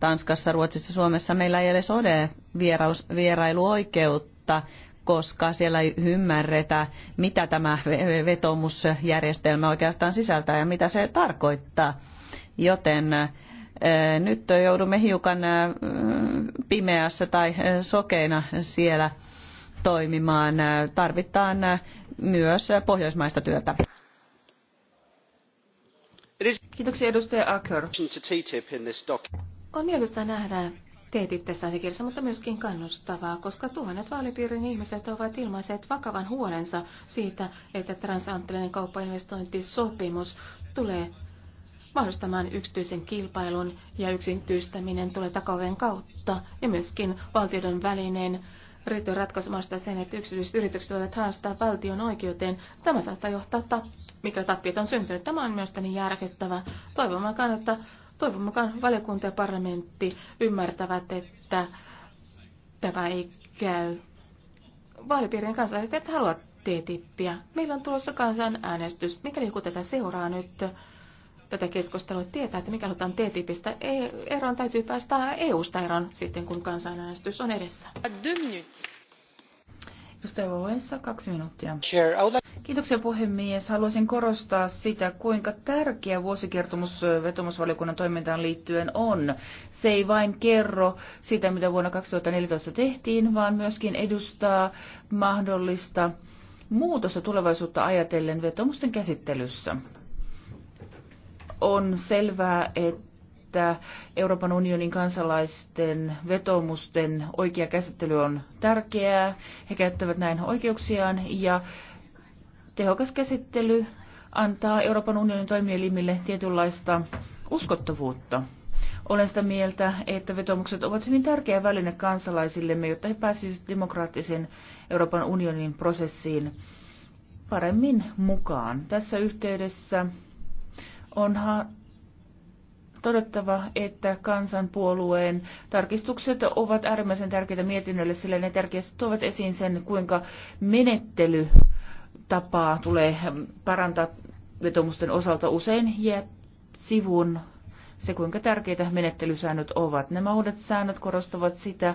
Tanskassa, Ruotsissa, Suomessa meillä ei edes ole vieraus, vierailuoikeutta, koska siellä ei ymmärretä, mitä tämä vetomusjärjestelmä oikeastaan sisältää ja mitä se tarkoittaa. Joten nyt joudumme hiukan pimeässä tai sokeina siellä toimimaan. Tarvitaan myös pohjoismaista työtä. Kiitoksia edustaja Acker. On mielestä nähdä TTIP tässä asiakirjassa, mutta myöskin kannustavaa, koska tuhannet vaalipiirin ihmiset ovat ilmaiseet vakavan huolensa siitä, että transatlanttinen kauppainvestointisopimus tulee mahdollistamaan yksityisen kilpailun ja yksityistäminen tulee takoven kautta ja myöskin valtioiden välineen riitojen ratkaisemasta sen, että yksityiset yritykset voivat haastaa valtion oikeuteen. Tämä saattaa johtaa tappioon mikä tappiot on syntynyt. Tämä on mielestäni järkyttävä. Toivon mukaan, että toivon mukaan valiokunta ja parlamentti ymmärtävät, että tämä ei käy. Vaalipiirien kansalaiset että halua TTIPiä. Meillä on tulossa kansanäänestys. Mikäli joku tätä seuraa nyt, tätä keskustelua tietää, että mikä halutaan TTIPistä e- eroon, täytyy päästä EU-sta eroon sitten, kun kansanäänestys on edessä. Edustaja Loessa, kaksi minuuttia. Kiitoksia puhemies. Haluaisin korostaa sitä, kuinka tärkeä vuosikertomus vetomusvaliokunnan toimintaan liittyen on. Se ei vain kerro sitä, mitä vuonna 2014 tehtiin, vaan myöskin edustaa mahdollista muutosta tulevaisuutta ajatellen vetomusten käsittelyssä. On selvää, että että Euroopan unionin kansalaisten vetomusten oikea käsittely on tärkeää. He käyttävät näin oikeuksiaan ja tehokas käsittely antaa Euroopan unionin toimielimille tietynlaista uskottavuutta. Olen sitä mieltä, että vetomukset ovat hyvin tärkeä väline kansalaisillemme, jotta he pääsisivät demokraattisen Euroopan unionin prosessiin paremmin mukaan. Tässä yhteydessä on todettava, että kansanpuolueen tarkistukset ovat äärimmäisen tärkeitä mietinnölle, sillä ne tärkeästi tuovat esiin sen, kuinka menettely tapaa tulee parantaa vetomusten osalta usein jää sivun se, kuinka tärkeitä menettelysäännöt ovat. Nämä uudet säännöt korostavat sitä,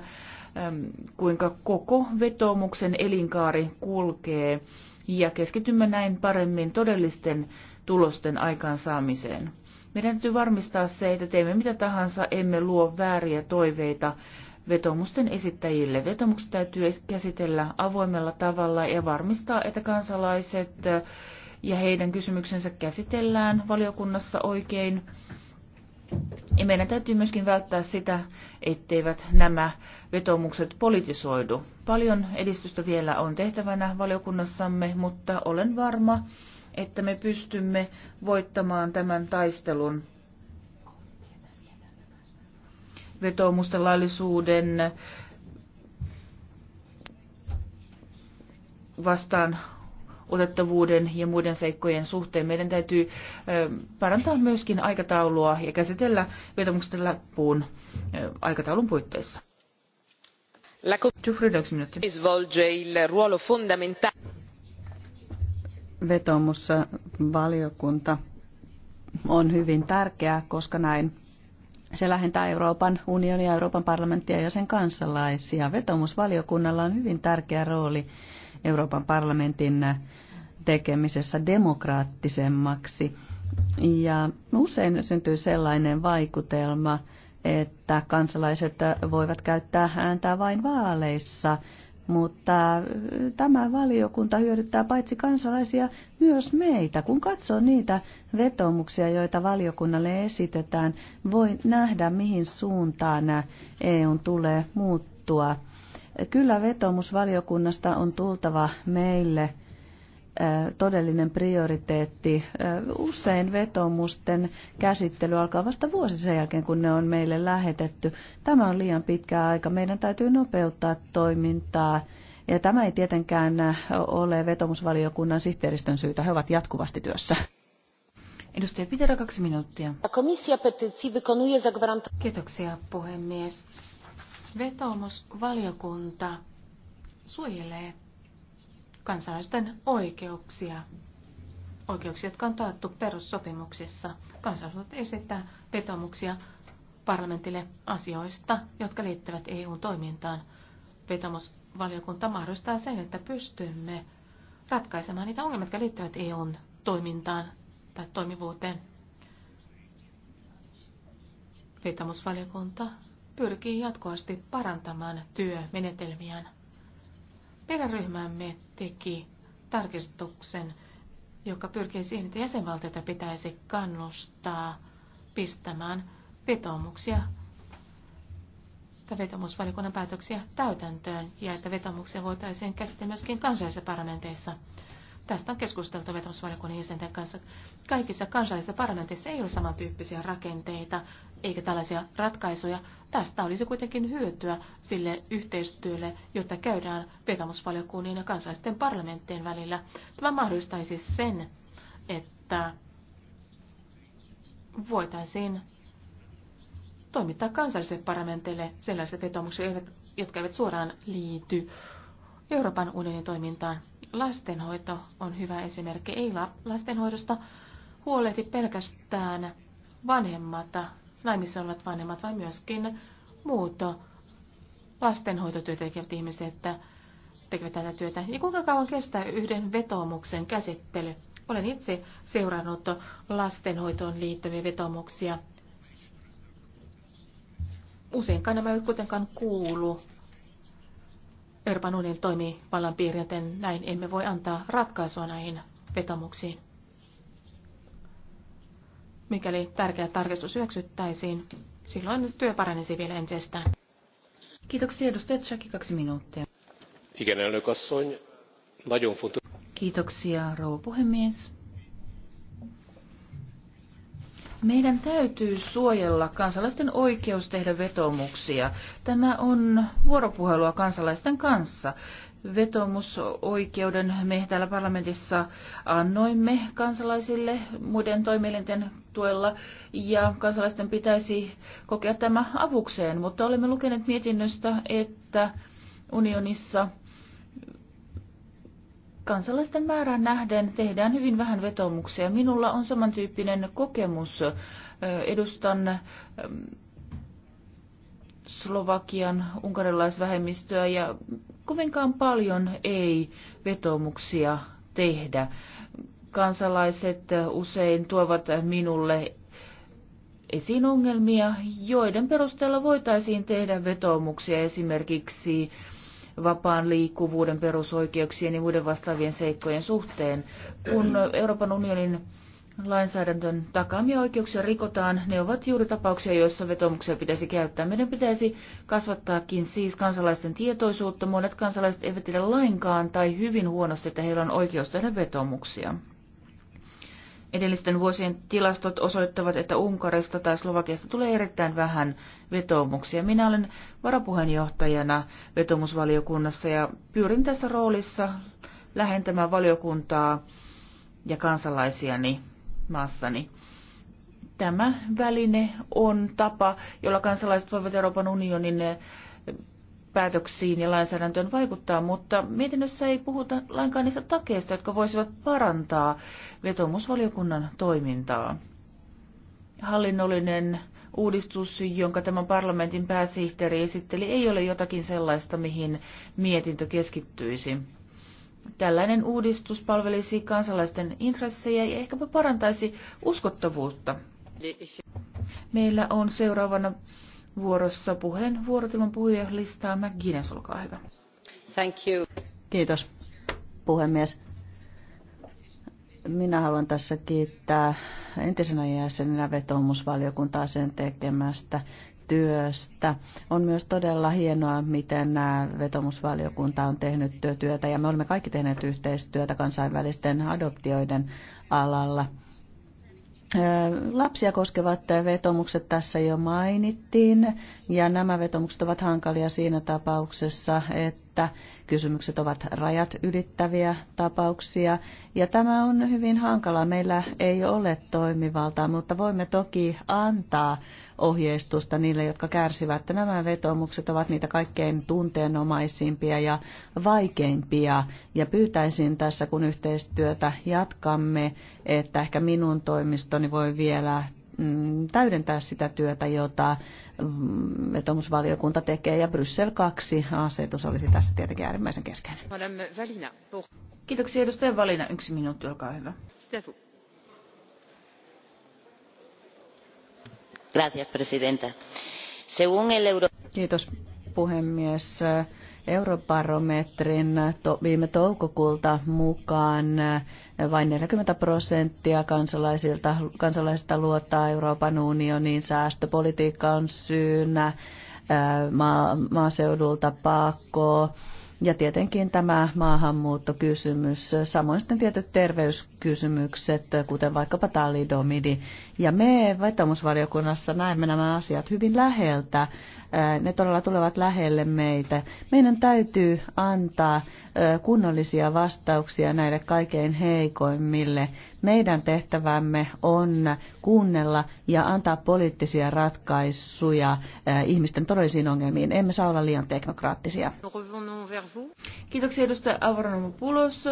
kuinka koko vetomuksen elinkaari kulkee ja keskitymme näin paremmin todellisten tulosten aikaansaamiseen. Meidän täytyy varmistaa se, että teemme mitä tahansa, emme luo vääriä toiveita vetomusten esittäjille. Vetomukset täytyy käsitellä avoimella tavalla ja varmistaa, että kansalaiset äh, ja heidän kysymyksensä käsitellään valiokunnassa oikein. Ja meidän täytyy myöskin välttää sitä, etteivät nämä vetomukset politisoidu. Paljon edistystä vielä on tehtävänä valiokunnassamme, mutta olen varma, että me pystymme voittamaan tämän taistelun vetoomusten laillisuuden vastaan otettavuuden ja muiden seikkojen suhteen. Meidän täytyy parantaa myöskin aikataulua ja käsitellä vetomuksen läppuun aikataulun puitteissa. La svolge il ruolo fondamentale vetomusvaliokunta on hyvin tärkeää, koska näin se lähentää Euroopan unionia, Euroopan parlamenttia ja sen kansalaisia. Vetomusvaliokunnalla on hyvin tärkeä rooli Euroopan parlamentin tekemisessä demokraattisemmaksi. Ja usein syntyy sellainen vaikutelma, että kansalaiset voivat käyttää ääntä vain vaaleissa, mutta äh, tämä valiokunta hyödyttää paitsi kansalaisia myös meitä. Kun katsoo niitä vetomuksia, joita valiokunnalle esitetään, voi nähdä, mihin suuntaan äh, EUn tulee muuttua. Kyllä vetomusvaliokunnasta on tultava meille todellinen prioriteetti. Usein vetomusten käsittely alkaa vasta vuosi sen jälkeen, kun ne on meille lähetetty. Tämä on liian pitkä aika. Meidän täytyy nopeuttaa toimintaa. Ja tämä ei tietenkään ole vetomusvaliokunnan sihteeristön syytä. He ovat jatkuvasti työssä. Edustaja Pitera, kaksi minuuttia. Komissia Kiitoksia, puhemies. Vetomusvaliokunta suojelee kansalaisten oikeuksia. Oikeuksia, jotka on taattu perussopimuksissa. Kansalaiset esittää vetomuksia parlamentille asioista, jotka liittyvät EU-toimintaan. Vetomusvaliokunta mahdollistaa sen, että pystymme ratkaisemaan niitä ongelmia, jotka liittyvät eu toimintaan tai toimivuuteen. Vetomusvaliokunta pyrkii jatkuvasti parantamaan työmenetelmiään. Meidän ryhmämme teki tarkistuksen, joka pyrkii siihen, että jäsenvaltioita pitäisi kannustaa pistämään vetomuksia tai vetomusvalikunnan päätöksiä täytäntöön ja että vetomuksia voitaisiin käsitellä myöskin kansallisissa parlamenteissa. Tästä on keskusteltu vetosvaliokunnan jäsenten kanssa. Kaikissa kansallisissa parlamenteissa ei ole samantyyppisiä rakenteita eikä tällaisia ratkaisuja. Tästä olisi kuitenkin hyötyä sille yhteistyölle, jotta käydään vetomusvaliokunnien ja kansallisten parlamenttien välillä. Tämä mahdollistaisi sen, että voitaisiin toimittaa kansallisille parlamenteille sellaiset vetomukset, jotka eivät suoraan liity Euroopan unionin toimintaan lastenhoito on hyvä esimerkki. Ei lastenhoidosta huolehti pelkästään vanhemmat, naimissa olevat vanhemmat, vaan myöskin muut lastenhoitotyötä tekevät ihmiset tekevät tätä työtä. Ja kuinka kauan kestää yhden vetomuksen käsittely? Olen itse seurannut lastenhoitoon liittyviä vetomuksia. Useinkaan nämä eivät kuitenkaan kuulu Euroopan unioni toimii vallan joten näin emme voi antaa ratkaisua näihin vetomuksiin. Mikäli tärkeä tarkistus hyväksyttäisiin, silloin työ paranisi vielä entisestään. Kiitoksia edustaja Tsaki, kaksi minuuttia. Kiitoksia rouva puhemies. Meidän täytyy suojella kansalaisten oikeus tehdä vetomuksia. Tämä on vuoropuhelua kansalaisten kanssa. Vetomusoikeuden me täällä parlamentissa annoimme kansalaisille muiden toimielinten tuella ja kansalaisten pitäisi kokea tämä avukseen, mutta olemme lukeneet mietinnöstä, että unionissa – kansalaisten määrän nähden tehdään hyvin vähän vetomuksia. Minulla on samantyyppinen kokemus. Edustan Slovakian unkarilaisvähemmistöä ja kovinkaan paljon ei vetomuksia tehdä. Kansalaiset usein tuovat minulle esiin ongelmia, joiden perusteella voitaisiin tehdä vetoomuksia esimerkiksi vapaan liikkuvuuden perusoikeuksien ja muiden vastaavien seikkojen suhteen. Kun Euroopan unionin lainsäädäntön takaamia oikeuksia rikotaan, ne ovat juuri tapauksia, joissa vetomuksia pitäisi käyttää. Meidän pitäisi kasvattaakin siis kansalaisten tietoisuutta. Monet kansalaiset eivät tiedä lainkaan tai hyvin huonosti, että heillä on oikeus tehdä vetomuksia. Edellisten vuosien tilastot osoittavat, että Unkarista tai Slovakiasta tulee erittäin vähän vetoomuksia. Minä olen varapuheenjohtajana vetomusvaliokunnassa ja pyrin tässä roolissa lähentämään valiokuntaa ja kansalaisiani maassani. Tämä väline on tapa, jolla kansalaiset voivat Euroopan unionin päätöksiin ja lainsäädäntöön vaikuttaa, mutta mietinnössä ei puhuta lainkaan niistä takeista, jotka voisivat parantaa vetomusvaliokunnan toimintaa. Hallinnollinen uudistus, jonka tämän parlamentin pääsihteeri esitteli, ei ole jotakin sellaista, mihin mietintö keskittyisi. Tällainen uudistus palvelisi kansalaisten intressejä ja ehkäpä parantaisi uskottavuutta. Meillä on seuraavana vuorossa puheenvuorot ilman puhujalistaa. McGuinness, olkaa hyvä. Thank you. Kiitos, puhemies. Minä haluan tässä kiittää entisenä jäsenenä vetomusvaliokuntaa sen tekemästä työstä. On myös todella hienoa, miten vetomusvaliokunta on tehnyt työtä ja me olemme kaikki tehneet yhteistyötä kansainvälisten adoptioiden alalla. Lapsia koskevat vetomukset tässä jo mainittiin, ja nämä vetomukset ovat hankalia siinä tapauksessa, että että kysymykset ovat rajat ylittäviä tapauksia. Ja tämä on hyvin hankalaa. Meillä ei ole toimivaltaa, mutta voimme toki antaa ohjeistusta niille, jotka kärsivät. Nämä vetomukset ovat niitä kaikkein tunteenomaisimpia ja vaikeimpia. Ja pyytäisin tässä, kun yhteistyötä jatkamme, että ehkä minun toimistoni voi vielä Mm, täydentää sitä työtä, jota mm, vetomusvaliokunta tekee, ja Bryssel 2 asetus olisi tässä tietenkin äärimmäisen keskeinen. Kiitoksia edustaja Valina. Yksi minuutti, olkaa hyvä. Gracias, Kiitos puhemies. Eurobarometrin viime toukokuulta mukaan vain 40 prosenttia kansalaisilta, kansalaisista luottaa Euroopan unioniin. Säästöpolitiikka on syynä, maa, maaseudulta pakko, ja tietenkin tämä maahanmuuttokysymys, samoin sitten tietyt terveyskysymykset, kuten vaikkapa talidomidi. Ja me vetomusvaliokunnassa näemme nämä asiat hyvin läheltä. Ne todella tulevat lähelle meitä. Meidän täytyy antaa kunnollisia vastauksia näille kaikkein heikoimmille. Meidän tehtävämme on kuunnella ja antaa poliittisia ratkaisuja ihmisten todellisiin ongelmiin. Emme saa olla liian teknokraattisia. Kiitoksia edustaja Pulos.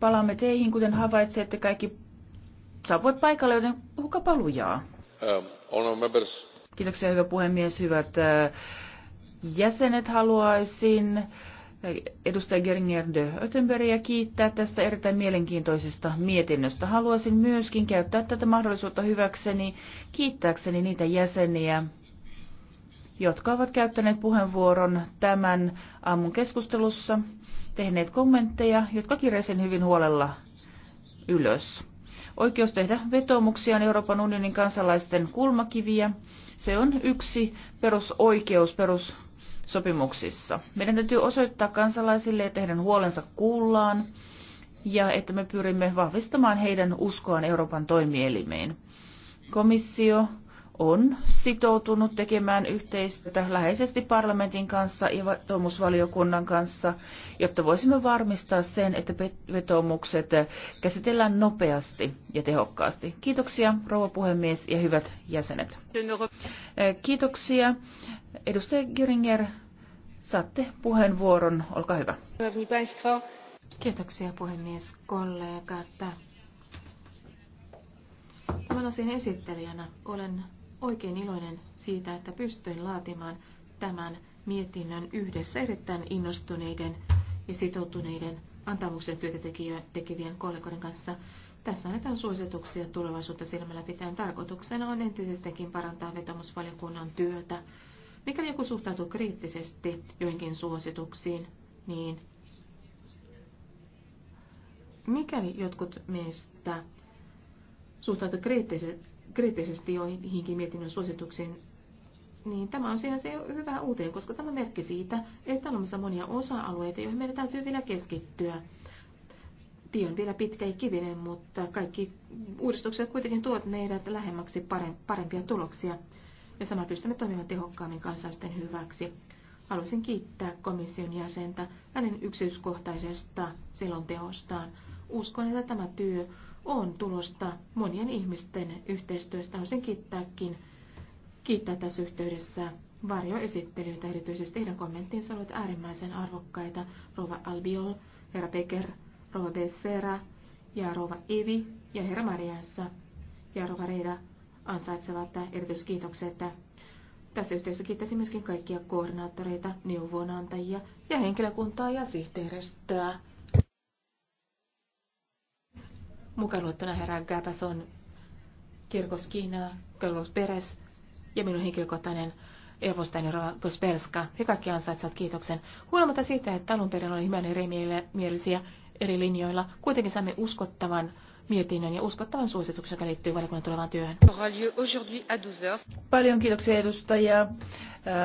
Palaamme teihin, kuten havaitsette kaikki saapuvat paikalle, joten puhukapa lujaa. Uh, Kiitoksia hyvä puhemies, hyvät jäsenet haluaisin edustaja Geringer de Oettenbergia kiittää tästä erittäin mielenkiintoisesta mietinnöstä. Haluaisin myöskin käyttää tätä mahdollisuutta hyväkseni, kiittääkseni niitä jäseniä, jotka ovat käyttäneet puheenvuoron tämän aamun keskustelussa, tehneet kommentteja, jotka kirjasin hyvin huolella ylös. Oikeus tehdä vetoomuksia on Euroopan unionin kansalaisten kulmakiviä. Se on yksi perusoikeus, perus sopimuksissa. Meidän täytyy osoittaa kansalaisille, että heidän huolensa kuullaan ja että me pyrimme vahvistamaan heidän uskoaan Euroopan toimielimeen. Komissio on sitoutunut tekemään yhteistyötä läheisesti parlamentin kanssa ja vetoomusvaliokunnan kanssa, jotta voisimme varmistaa sen, että vetoomukset käsitellään nopeasti ja tehokkaasti. Kiitoksia, rouva puhemies ja hyvät jäsenet. Kiitoksia. Edustaja Göringer, saatte puheenvuoron. Olkaa hyvä. Kiitoksia puhemies, kollegat. Tämän asian esittelijänä olen oikein iloinen siitä, että pystyin laatimaan tämän mietinnön yhdessä erittäin innostuneiden ja sitoutuneiden antamuksen työtä tekevien kollegoiden kanssa. Tässä annetaan suosituksia tulevaisuutta silmällä pitäen. Tarkoituksena on entisestäkin parantaa vetomusvaliokunnan työtä. Mikäli joku suhtautuu kriittisesti joihinkin suosituksiin, niin mikäli jotkut meistä suhtautuu kriittisesti, kriittisesti joihinkin mietinnön suosituksiin, niin tämä on siinä se hyvä uuteen, koska tämä merkki siitä, että on olemassa monia osa-alueita, joihin meidän täytyy vielä keskittyä. Tie on vielä pitkä ja kivinen, mutta kaikki uudistukset kuitenkin tuovat meidät lähemmäksi parempia tuloksia ja samalla pystymme toimimaan tehokkaammin kansalaisten hyväksi. Haluaisin kiittää komission jäsentä hänen yksityiskohtaisesta selonteostaan. Uskon, että tämä työ on tulosta monien ihmisten yhteistyöstä. Haluaisin kiittääkin, kiittää tässä yhteydessä varjoesittelyitä, erityisesti heidän kommenttinsa ovat äärimmäisen arvokkaita. Rova Albiol, herra Becker, Rova Bessera ja Rova Evi ja herra Mariansa ja Rova Reida ansaitsevat erityiskiitokset. Tässä yhteydessä kiittäisin myöskin kaikkia koordinaattoreita, neuvonantajia ja henkilökuntaa ja sihteeristöä mukaan luettuna herra Gabason, Kirkos Kiina, Kirkos Peres ja minun henkilökohtainen Evostain Gosperska. He kaikki ansaitsevat kiitoksen. Huolimatta siitä, että alun perin oli hyvän eri mielisiä eri linjoilla, kuitenkin saimme uskottavan mietinnön ja uskottavan suosituksen, joka liittyy valiokunnan tulevaan työhön. Paljon kiitoksia edustajia.